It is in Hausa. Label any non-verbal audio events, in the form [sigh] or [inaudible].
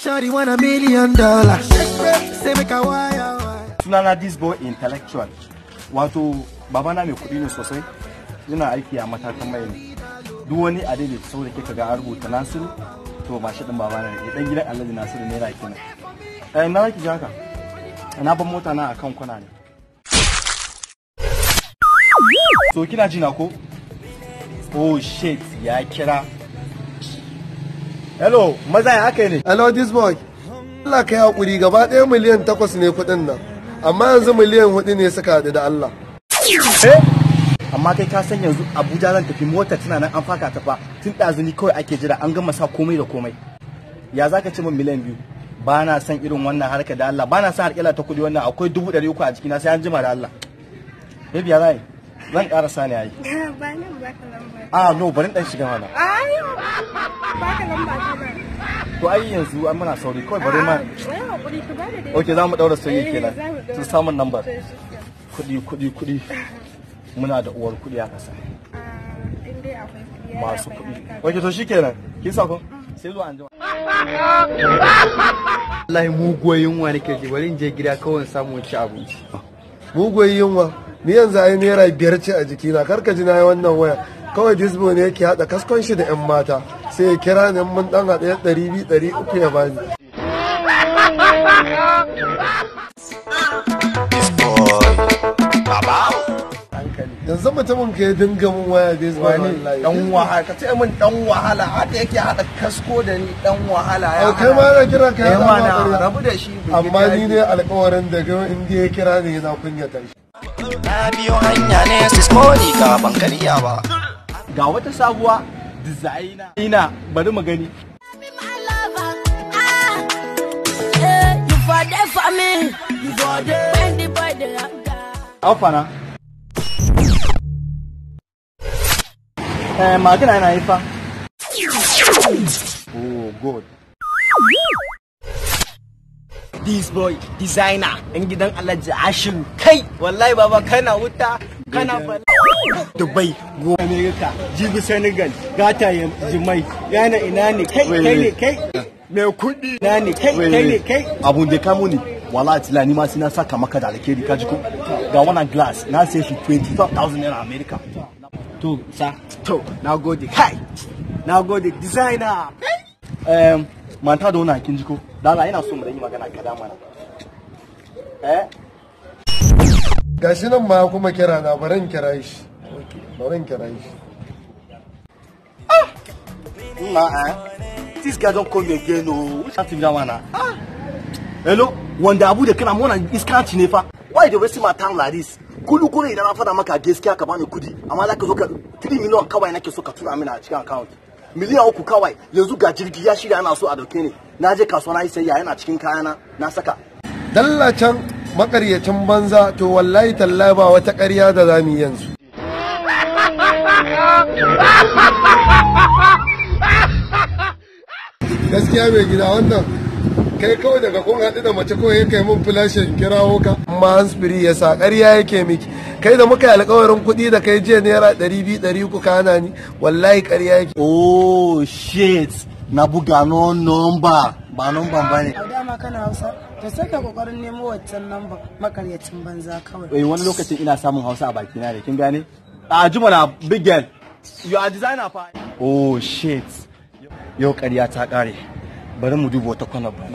Shawty want a million dollars. Say make a wire. Sunana this boy intellectual. Wato na mai kuɗi ne sosai. Yana aiki a matakan mai ne. Duk wani adili saboda kika ga rubuta Nasiru to ba shi din na ne. Dan gidan Alhaji Nasiru ne ra kenan. Eh na ki haka. Na ban mota na akan kwana ne. So kina jina ko? Oh shit ya kira hello maza ya aka ne hello this boy Allah ka yi hakuri gaba ɗaya miliyan takwas ne kuɗin nan amma yanzu miliyan hudu ne suka haɗu da Allah eh, amma kai ka san yanzu Abuja zan tafi mota tana nan an faka ta fa tun ɗazuni kawai ake jira an gama sa komai da komai ya zaka ci min miliyan biyu ba na san irin wannan harka da Allah ba na san harƙila ta kuɗi wannan akwai dubu ɗari uku a jikina sai an jima da Allah. Baby ya yi? zan karasa ne ai [laughs] ba nan ba ka lamba a no bari dan shiga mana ayo ba ka lamba ba to ai yanzu an muna sauri kawai bari ma okay za mu daura soyayya eh, kenan sun samun number kudi kudi kudi muna da uwar kudi a kasa masu kudi okay to shikenan kin sako mm. sai zuwa anjima [laughs] wallahi mugoyin wa nake ji bari in je gida kawai samu ci abinci mugoyin yunwa ni yanzu ai naira biyar ce a jikina karka ji na yi wannan waya kawai disbo ne yake haɗa kaskon shi da 'yan mata sai ya kira ni mun dan haɗa ɗari biyu ɗari uku ya bani. yanzu mutumin ka ya dinga mun waya baseball wallahi dan wahala ka ce min dan wahala haka yake hada kasko da ni dan wahala ya kai ma na kira ka eh, ya rabu da shi amma ni ne alƙawarin daga inda ya kira ne na kunya tashi na biyo hanya ne siskoni ka ban ba ga wata sabuwa designer ina bari mu gani Alfana. Eh, magana yana yi fa. Oh, good. this boy designer yan gidan alhaji ashiru kai wallahi baba kana wuta kana dubai goma america jibi senegal gata ya jimai yana ina ne kai kai ne kai me kudi na ne kai kai ne kai abun da kamo ne wala tila ni ma sina saka maka da alkeri kaji ko ga wannan glass na sai shi 20000 naira america to sa to na gode kai na gode designer eh manta da wannan kin ji ko Dala yana so mu dan yi magana ka da mana. Eh? Gashi nan ma kuma kira na barin kira shi. Barin kira shi. Ah! Ma eh. This guy don't call again oh. Which kind of that one ah? ah? Hello? Wanda abu da kana mona iskanci ne fa. Why they waste my time like this? Kulu kulu idan na fada maka gaskiya ka bani kudi amma zaka ka zo ka 3 million kawai nake so ka tura mini a cikin account. miliyan uku kawai yanzu ga jirgi ya shirya ana so a dauke ne, na je kasuwa na yi sayya yana cikin kayana na saka dallacen makaryacin banza to wallahi tallahi ba wata ƙarya da zamu yanzu [laughs] gaskiya mai gida wannan kai kawai daga kun haɗu da mace kawai kai mun filashin kirawo ka amma hansfiri ya sa ƙarya yake miki kai da muka yi alƙawarin kuɗi da kai jiya naira ɗari biyu ɗari uku kana ni wallahi ƙarya yake oh shit na buga no nomba ba nomba ba ne da ma kana hausa ta sai ka kokarin nemo waccan number makaryacin banza kawai eh, wani lokacin ina samun hausa a baki na ne kin gane ah, a na big girl you are designer fa oh shit yau ƙarya ta ƙare bari mu duba wata kwanar